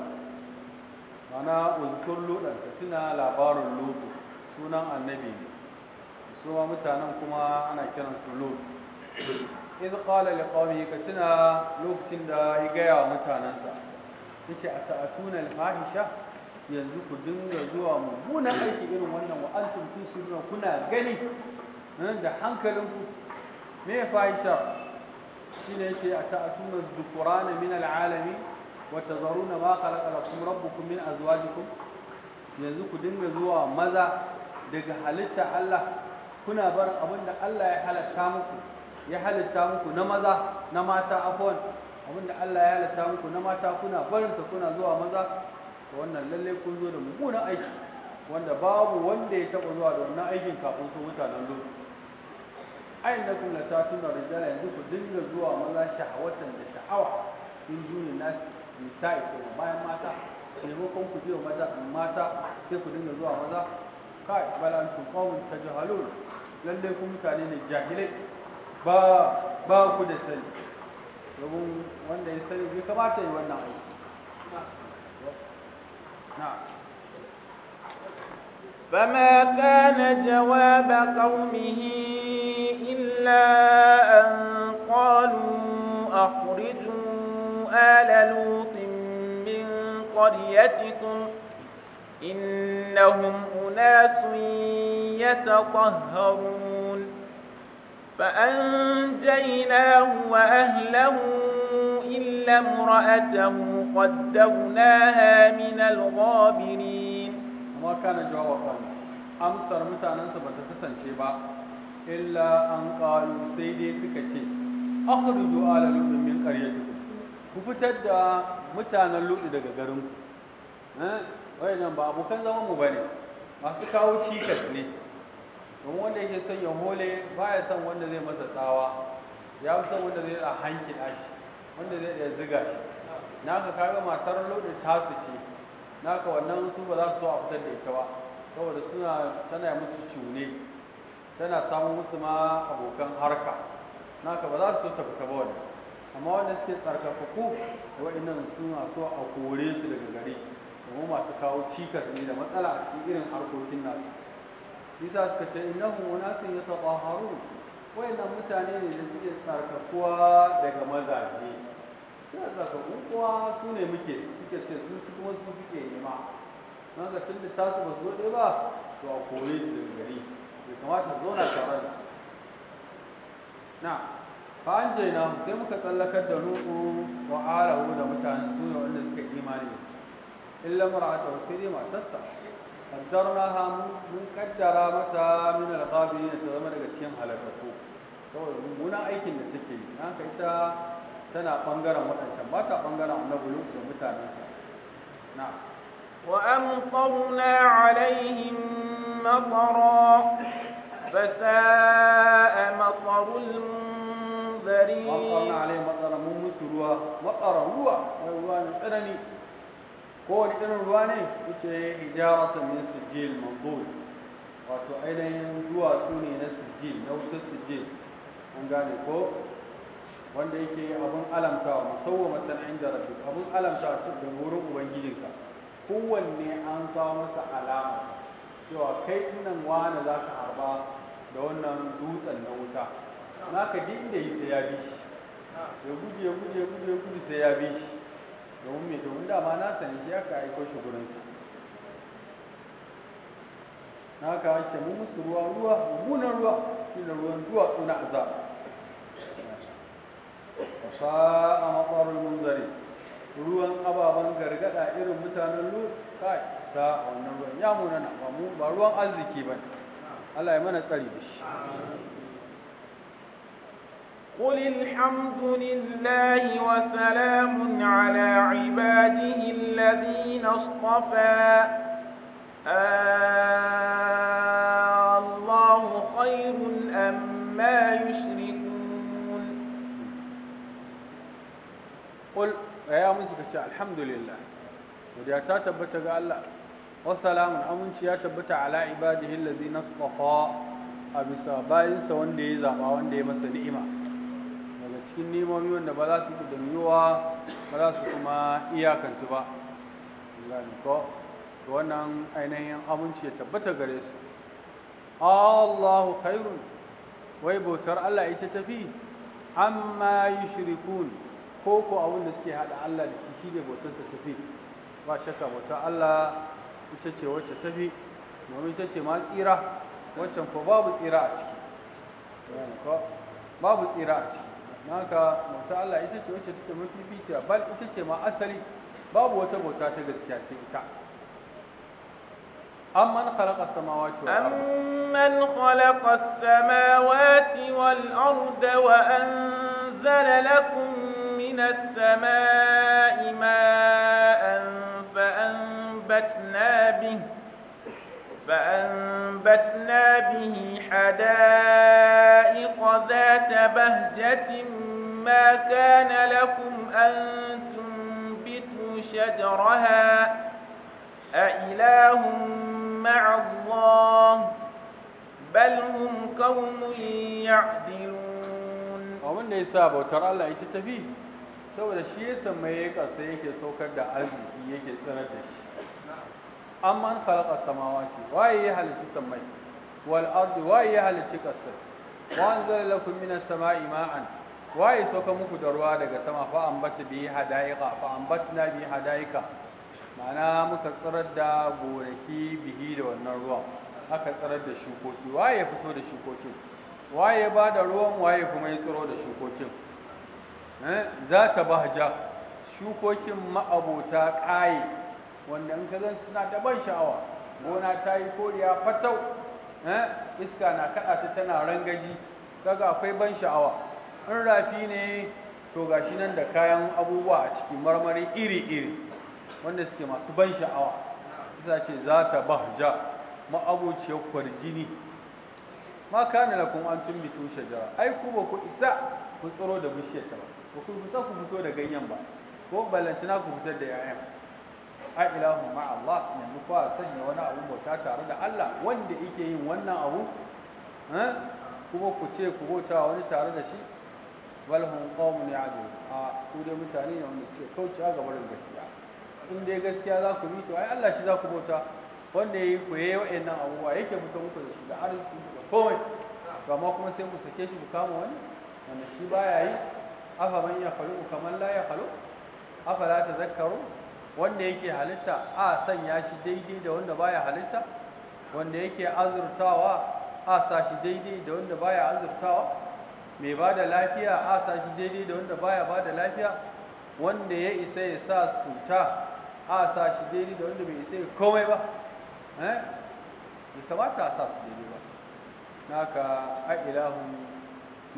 أنا أذكر لوطا تتنا لابار اللوط سنة النبي سوى متانا كما أنا كنا سلوط إذ قال لقومه كتنا لوقت دا إيجايا متانا سأل yace a al-fahisha yanzu ku dinga zuwa mummunan aiki irin wannan wa antum tusiruna kuna gani eh, da hankalinku me fahisha shine yace ata'atuna dhukurana min al-alamin wa tazaruna ma khalaqa lakum rabbukum min azwajikum yanzu ku dinga zuwa maza daga halitta Allah kuna bar abinda da Allah ya halatta muku ya halitta muku na maza na mata afwan abinda Allah ya halatta muku na mata kuna barinsa kuna zuwa maza to wannan lalle kun zo da mugunan aiki wanda babu wanda ya taba zuwa da wannan aikin kafin su nan zo ayin da kun lata tuna rijala yanzu ku dinga zuwa maza sha'awatan da sha'awa in duni nasi nisa'i ko bayan mata taimakon ku jiwa maza mata sai ku dinga zuwa maza kai bal kawun ta tajhalun lalle kun mutane ne jahilai ba ba ku da sani domin wanda ya sani bai kamata yi wannan aiki فما كان جواب قومه إلا أن قالوا أخرجوا آل لوط من قريتكم إنهم أناس يتطهرون فأنجيناه وأهله إلا امرأته قدرناها من الغابرين وما كان جوابا أمسر متانا سبتكسن شبا إلا أن قالوا سيدي سكتي أخرجوا آل لؤلؤ من قريتكم kufitar da mutanen luɗu daga garinku wayannan ba abokan zaman mu bane masu kawo cikas ne domin wanda yake son ya hole ya son wanda zai masa tsawa ya fi son wanda zai hanki shi wanda zai da ziga shi ka kaga matar lodi tasu ce na ka wannan su ba za su so a fitar da ita ba saboda suna tana musu cune tana samun musu ma abokan harka na ka ba za su so ta fita ba wani amma wanda suke da waɗannan suna so a kore su daga gari domin masu kawo cikas ne da matsala a cikin irin harkokin nasu bisa suka ce innahu nasun yatahharun wayannan mutane ne da suke tsarkakuwa daga mazaje suna tsarkakun kuwa su ne muke suke ce su kuma su suke nema don ga tun da tasu ba su zo ba to a kore su daga gari bai kamata su zauna tare da su na fa an jaina sai muka tsallakar da nuku wa alahu da mutanen su ne wanda suka imani illa su illa mara'ata sai dai matarsa qaddarnaha mun kaddara mata min al-ghabirin ta zama daga cikin halakatu kawai mummunan aikin da take yi haka ita tana bangaren waɗancan ba ta bangaren annabi lut da mutanensa na'am wa amtarna alaihim matara fasa'a matarul munzirin amtarna alaihim matara mun musu ruwa matara ruwa ruwa mai tsanani kowane irin ruwa ne ita hijaratan min sijil mandud wato ainihin duwatsu ne na sijil na wutar sijil kun gane ko wanda yake abin alamtawa musawwamatan inda rabbik abin alamtawa da wurin ubangijinka kowanne an samu masa alamarsa cewa kai nan wane za ka harba da wannan dutsen na wuta Na ka inda yi sai ya bi shi ya gudu ya gudu ya gudu ya gudu sai ya bi shi domin mai domin dama na sani shi aka aiko shi gurinsa na aka ake mu musu ruwa ruwa mummunan ruwa shi da ruwan duwatsu na aza. A a maɓarar munzari ruwan ababen gargada irin mutanen lu kai sa a wannan ruwan ya munana ba ruwan arziki ba ne. Allah ya mana tsari da shi قل الحمد لله وسلام على عباده الذين اصطفى آه، الله خير أم ما يشركون قل يا مزكة الحمد لله ودي أتبت قال وسلام أمنشي أتبت على عباده الذين اصطفى أبي باين سوان دي زعبا وان مسا نئمة cikin nemomi wanda ba za su yi danyowa ba za su kuma iyakantu ba ko wannan ainihin aminci ya tabbata gare su allahu khairun wai bautar allah ita tafi amma yi yushrikun ko ko abin da suke hada allah da shi shine bautarsa tafi ba shakka bautar allah ita ce wacce tafi domin ita ce ma tsira wancan ko babu tsira a ciki babu tsira a ciki naka bauta Allah ita ce wacce take mun fificiya bal ita ce ma asali babu wata bauta ta gaskiya sai ita amman khalaqa samawati wal ardh amman khalaqa samawati wal ardh wa anzala lakum min as-samai ma'an fa anbatna bihi فأنبتنا به حدائق ذات بهجة ما كان لكم أن تنبتوا شجرها أإله مع الله بل هم قوم يعدلون ومن يسابه ترى الله يتتبيه saboda shi ya samaye ƙasa yake saukar da arziki amman khalaqa samawati waye ya halitta samai wal ardi waye ya halitta kasa? wa anzala lakum minas samai ma'an waye sauka muku da ruwa daga sama fa ambata bi hadaiqa fa ambatna bi hadaiqa ma'ana muka tsirar da gonaki bihi da wannan ruwan aka tsirar da shukoki waye fito da shukokin waye ba da ruwan waye kuma ya tsaro da shukokin eh, za ta bahja shukokin ma'abota ƙaye wanda in ka zan suna ta ban sha'awa gona ta yi koriya fatau eh, iska na kaɗa ta tana rangaji kaga akwai ban sha'awa in rafi ne to ga shi nan da kayan abubuwa a ciki marmari iri-iri wanda suke masu ban sha'awa isa ce za ta bahja ma'abuciyar kwarjini ma kana kuma an tumbitu shajara ai ku ba ku isa ku tsoro da bishiyar ta ba ku ku fito da ganyen ba ko ballantana ku fitar da 'ya'yan a ilahun ma Allah yanzu kwa sanya wani abu bauta tare da Allah wanda yake yin wannan abu kuma ku ce ku bauta wani tare da shi bal hum qaumun jiru. a ku dai mutane ne wanda suke kaucewa ga barin gaskiya in dai gaskiya za ku bi ai Allah shi za ku bauta wanda ya yi ku wa'in nan abubuwa yake mutum muku da shi da arziki da komai to kuma sai ku sake shi ku kama wani wanda shi baya yi afa man ya falu kamar la ya falu afa la tazakkaru wanda yake halitta a sanya shi daidai da wanda baya halitta wanda yake azurtawa a sa shi daidai da wanda baya azurtawa mai ba da lafiya a sa shi daidai da wanda baya ba da lafiya wanda ya isa ya sa tuta a sa shi daidai da wanda bai isa ya komai ba eh kamata a sa su daidai ba naka a ilahun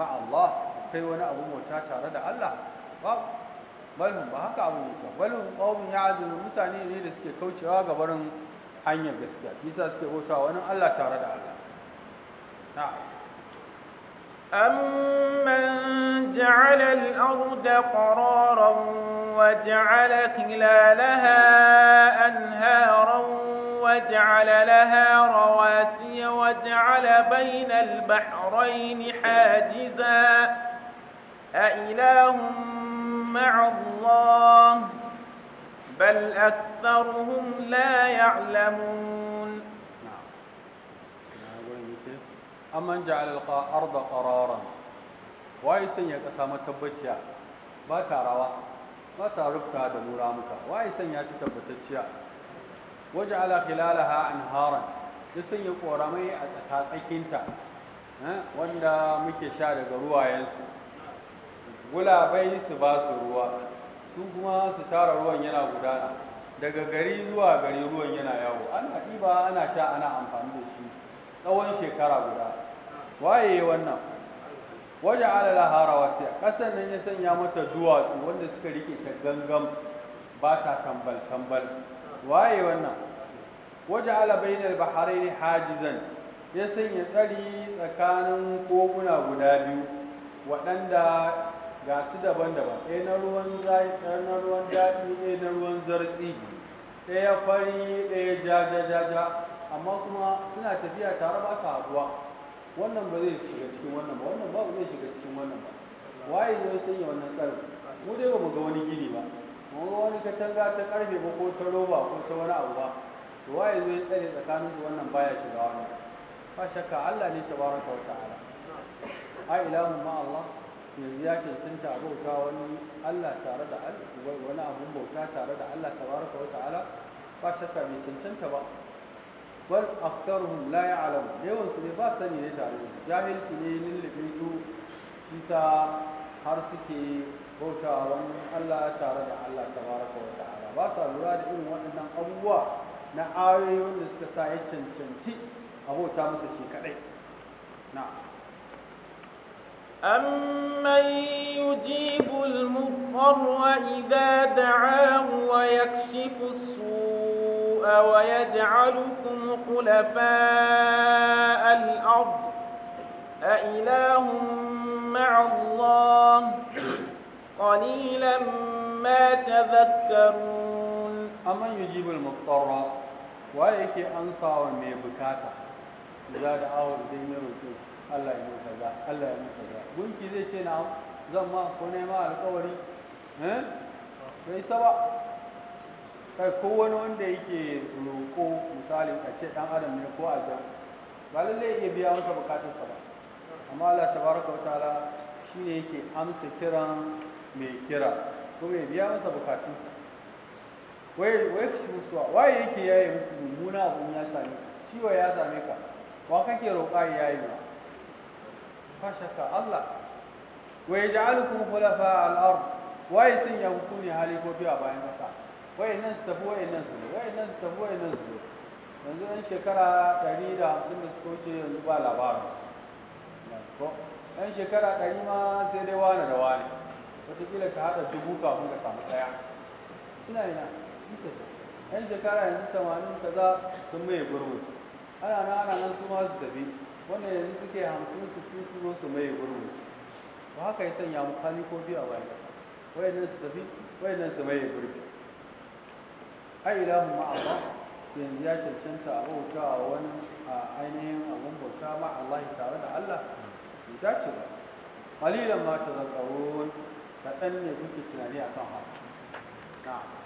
ma'allah kai wani abu mota tare da Allah babu balun ba haka abu yake balun qaumin ya'dulu mutane ne da suke kaucewa ga barin hanyar gaskiya shi yasa suke bautawa wani Allah tare da Allah na'am أمن جعل الأرض قرارا وجعل خلالها أنهارا وجعل لها رواسي وجعل بين البحرين حاجزا أإله مع الله بل أكثرهم لا يعلمون أمن جعل الأرض قرارا waye sanya ƙasa matabbaciya ba ta rawa ba ta rubta da muramuka waye sanya ta tabbatacciya waje ala khilalaha anharan ya sanya ƙoramai a tsakatsakinta wanda muke sha daga ruwayensu gulabai su ba su ruwa su kuma su tara ruwan yana gudana daga gari zuwa gari ruwan yana yawo ana ɗiba ana sha ana amfani da shi tsawon shekara guda waye wannan waje alala harawa sai ƙasar nan ya sanya mata duwatsu wanda suka rike ta gangan ba ta tambal tambal waye wannan waje ala bainal ne hajizan ya sanya tsari tsakanin koguna guda biyu waɗanda ga su daban-daban ɗaya na ruwan na ruwan daɗi ɗaya na ruwan zartsi ɗaya fari ɗaya jajajaja amma kuma suna tafiya tare ba su haɗuwa wannan ba zai shiga cikin wannan ba wannan ba zai shiga cikin wannan ba waye ne ya sanya wannan tsarin mu dai ba mu ga wani gini ba mu ga wani katanga ta karfe ba ko ta roba ko ta wani abu ba to waye ne ya tsare su wannan baya shiga wannan ba shakka Allah ne tabaraka wa ta'ala ai ilahu ma Allah yanzu ya cancanta a bauta wani Allah tare da wani abun bauta tare da Allah tabaraka wa ta'ala ba shakka bai cancanta ba bal aktharuhum la ya'lamu yawan su ne ba sani ne tare da su jahilci ne lullube su shi sa har suke bauta wani Allah tare da Allah tabaraka wa ta'ala ba sa lura da irin waɗannan abubuwa na ayoyin da suka sa ya cancanci a bauta masa shi kaɗai na'am أمن يجيب المضطر إذا دعاه ويكشف السوء ويجعلكم خلفاء الأرض أإله مع الله قليلا ما تذكرون أمن يجيب المضطر خُلَفَاءَ الْأَرْضِ أَإِلَٰهٌ مَّعَ اللَّهِ قَلِيلًا مَّا تَذَكَّرُونَ Allah ya mun za Allah ya mun kaza gunki zai ce na zan ma ko ne ma alƙawari eh bai saba kai ko wani wanda yake roko misali a ce ɗan adam ne ko aljan ba lallai iya biya masa bukatarsa ba amma Allah tabaraka wa ta'ala shine yake amsa kiran mai kira kuma ya biya masa bukatunsa wai wai kishi musuwa waye yake yaye muku mummuna abun ya same ka ciwo ya same ka wa kake roƙa ya yi ba fashaka Allah wa yaj'alukum khulafa al-ard wai sun ya ku ne a bayan kasa wai nan su tafi wai nan su zo wai nan su tafi wai nan su zo yanzu yan shekara 150 da suka wuce yanzu ba labarin su yan shekara 100 ma sai dai wani da wani wataƙila ka haɗa dubu kafin ka samu ɗaya suna yana sun tafi yan shekara yanzu 80 kaza sun maye gurbinsu ana nan ana nan su ma su tafi wanda yanzu suke hamsin sittin su zo su maye gurbin su ba haka ya sanya mu kwali ko biyu a bayan ƙasa nan su tafi nan su maye gurbi a ilahu ma'amma, yanzu ya cancanta a bauta a wani a ainihin abun bauta ma Allah tare da Allah bai dace ba qalilan ma tazakkarun kaɗan ne kuke tunani akan haka na'am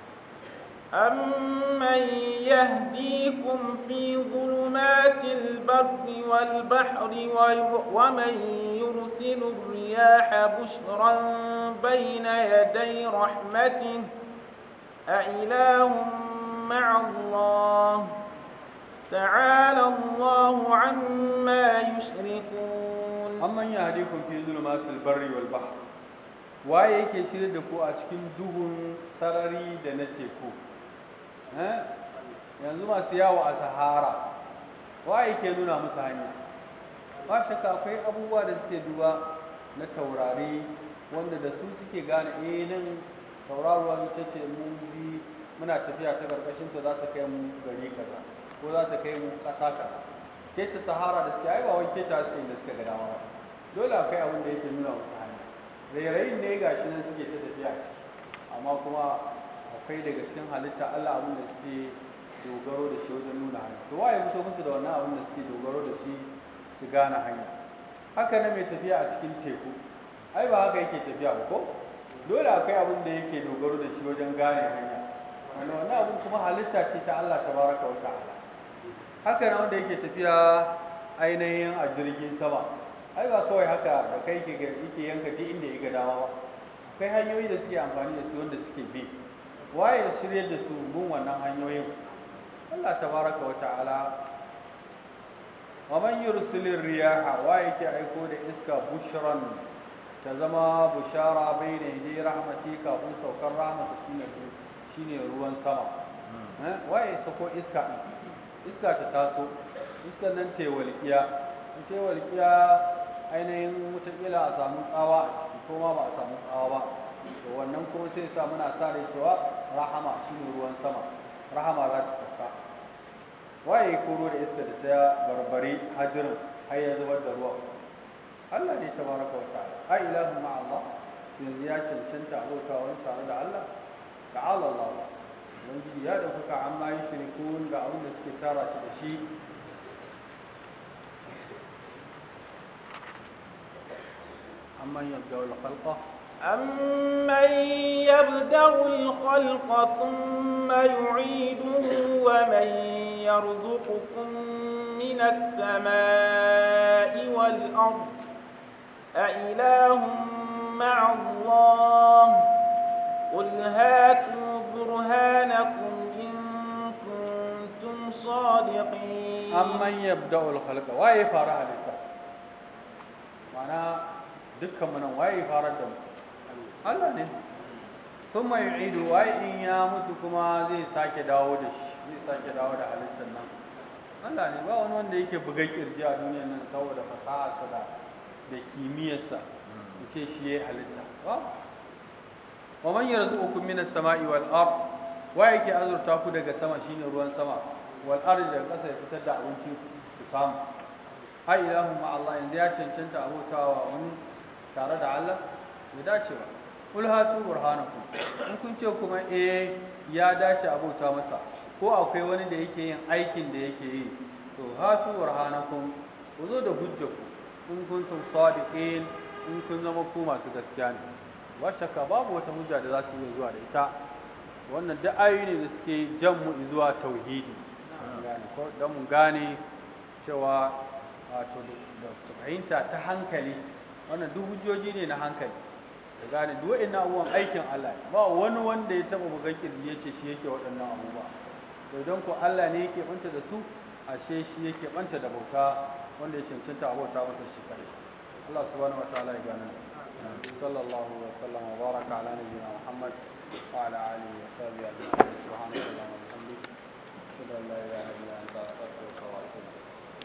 أمن يهديكم في ظلمات البر والبحر ومن يرسل الرياح بشرا بين يدي رحمته أإله مع الله تعالى الله عما يشركون أمن يهديكم في ظلمات البر والبحر waye yake shirya da ku a cikin Eh? yanzu masu yawo a sahara waye ke nuna musu hanya ba shakka akwai abubuwa da suke duba na taurari wanda da su suke gane e nan tauraruwa ce mun bi muna tafiya ta ƙarƙashinta, za ta kai mu gari kaza ko za ta kai mu ƙasa kaza keta sahara da suke ai ba wai keta suke da suke ga dama dole akwai abin da yake nuna musu hanya rairayin ne gashi nan suke ta tafiya ciki amma kuma akwai daga cikin halitta Allah abin da suke dogaro da shi wajen nuna hanya to waye fito musu da wannan abin da suke dogaro da shi su gane hanya haka na mai tafiya a cikin teku ai ba haka yake tafiya ba ko dole akwai abin da yake dogaro da shi wajen gane hanya wani wannan abin kuma halitta ce ta Allah tabaraka wa ta'ala haka na wanda yake tafiya ainihin a jirgin sama ai ba kawai haka da kai yake yanka duk inda ya ga dama ba akwai hanyoyi da suke amfani da su wanda suke bi waye shirye da su bin wannan hanyoyin Allah tabaraka wa ta'ala wa man yursilir riyaha waye yake aiko da iska bushran ta zama bushara bayna yadi rahmati kafin saukar rahmasa shine shine ruwan sama hmm. eh, waye sako iska iska ta taso Iska nan ta walƙiya ta walƙiya ainihin wataƙila a samu tsawa a ciki ko ma ba a samu tsawa ba to wannan kuma sai sa muna sa rai cewa rahama shine ruwan sama rahama za ta sauka waye koro da iska da ta barbare hadirin har ya zubar da ruwa Allah ne baraka wa ta'ala a ilahu ma Allah yanzu ya cancanta abota wani tare da Allah ta'ala Allah ubangiji ya ɗaukaka amma yi shirikun ga abin da suke tara shi da shi عمن يبدا الخلق أمن يبدأ الخلق ثم يعيده ومن يرزقكم من السماء والأرض أإله مع الله قل هاتوا برهانكم إن كنتم صادقين أمن يبدأ الخلق واي فارع وَأَنَا دُكَّ من واي Allah ne kuma yu'idu wai in ya mutu kuma zai sake dawo da shi zai sake dawo da halittar nan Allah ne ba wani wanda yake buga kirji a duniyar nan saboda fasaharsa da da kimiyyarsa hmm. ce shi ya yi halitta ba wa man yarzuqukum minas sama'i wal ard wa yake azurta ku daga sama shine ruwan sama wal ard daga ƙasa ya fitar da abinci ku samu ha ilahu ma Allah yanzu ya cancanta wa wani tare da Allah ya dace ba kul hatu burhanakum in kun ce kuma eh ya dace abota masa ko akwai wani da yake yin aikin da yake yi to hatu burhanakum ku zo da hujjaku in kuntum sadiqin in kun zama ku masu gaskiya ne ba shakka babu wata hujja da za su iya zuwa da ita wannan duk ayoyi ne da suke jan mu zuwa tauhidi don mu gane cewa da fahimta ta hankali wannan duk hujjoji ne na hankali ka gane duk ina abubuwan aikin Allah ba wani wanda ya taba buga kirji ya ce shi yake waɗannan abubuwa to don ko Allah ne yake banta da su ashe shi yake banta da bauta wanda ya cancanta a bauta masa shi kare Allah subhanahu wataala ya gane sallallahu wa sallam wa baraka ala Muhammad wa ala alihi wa sahbihi wa la ilaha illa anta astaghfiruka